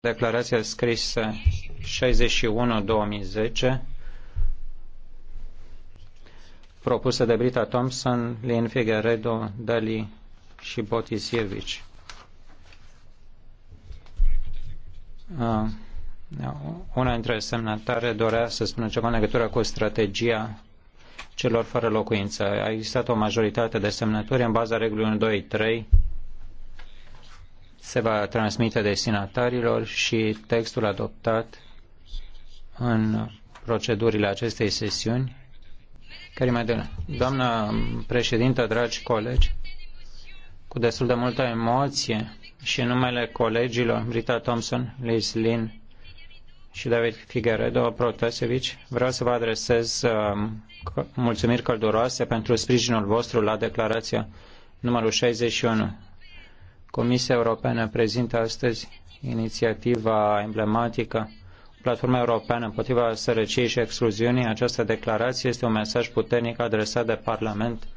declarația scrisă 61-2010 propusă de Brita Thompson, Lin Figueredo, Dali și Botisievici. Uh, una dintre semnatare dorea să spună ceva în legătură cu strategia celor fără locuință. A existat o majoritate de semnături în baza regulii 1, 2, 3 se va transmite destinatarilor și textul adoptat în procedurile acestei sesiuni. Care mai de Doamna președintă, dragi colegi, cu destul de multă emoție și în numele colegilor Rita Thompson, Liz Lynn și David Figueredo Protasevici, vreau să vă adresez um, mulțumiri călduroase pentru sprijinul vostru la declarația numărul 61 Comisia Europeană prezintă astăzi inițiativa emblematică Platforma Europeană împotriva sărăciei și excluziunii. Această declarație este un mesaj puternic adresat de Parlament,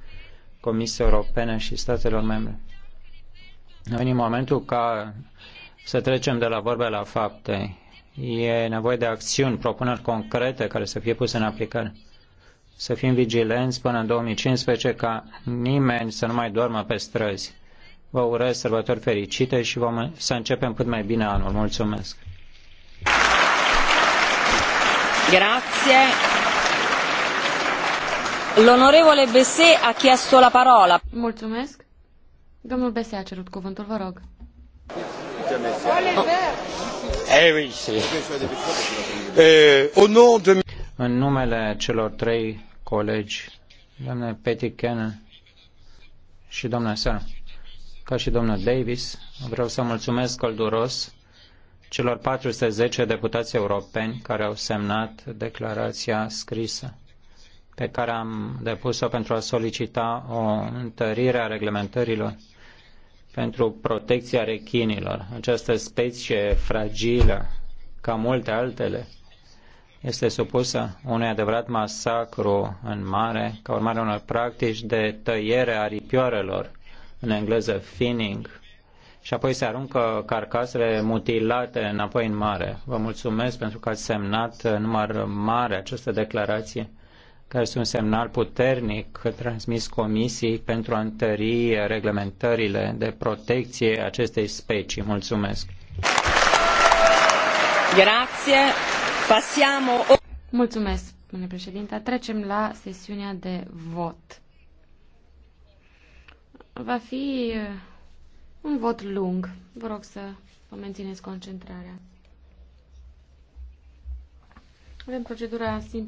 Comisia Europeană și statelor membre. A venit momentul ca să trecem de la vorbe la fapte. E nevoie de acțiuni, propuneri concrete care să fie puse în aplicare. Să fim vigilenți până în 2015 ca nimeni să nu mai doarmă pe străzi Vă urez sărbători fericite și vom să începem cât mai bine anul. Mulțumesc! Grazie. L'onorevole Bessé ha chiesto la parola. Mulțumesc. Domnul Bessé a cerut cuvântul, vă rog. Eh euh, În numele celor trei colegi, doamne Petty Cannon și doamna Sara, ca și domnul Davis, vreau să mulțumesc călduros celor 410 deputați europeni care au semnat declarația scrisă pe care am depus-o pentru a solicita o întărire a reglementărilor pentru protecția rechinilor. Această specie fragilă, ca multe altele, este supusă unui adevărat masacru în mare, ca urmare a unor practici de tăiere a ripioarelor în engleză finning, și apoi se aruncă carcasele mutilate înapoi în mare. Vă mulțumesc pentru că ați semnat număr mare această declarație, care este un semnal puternic transmis comisiei pentru a întări reglementările de protecție acestei specii. Mulțumesc! Grazie. Passiamo... Mulțumesc, domnule președinte. Trecem la sesiunea de vot. Va fi uh, un vot lung. Vă rog să vă mențineți concentrarea. Avem procedura simplă.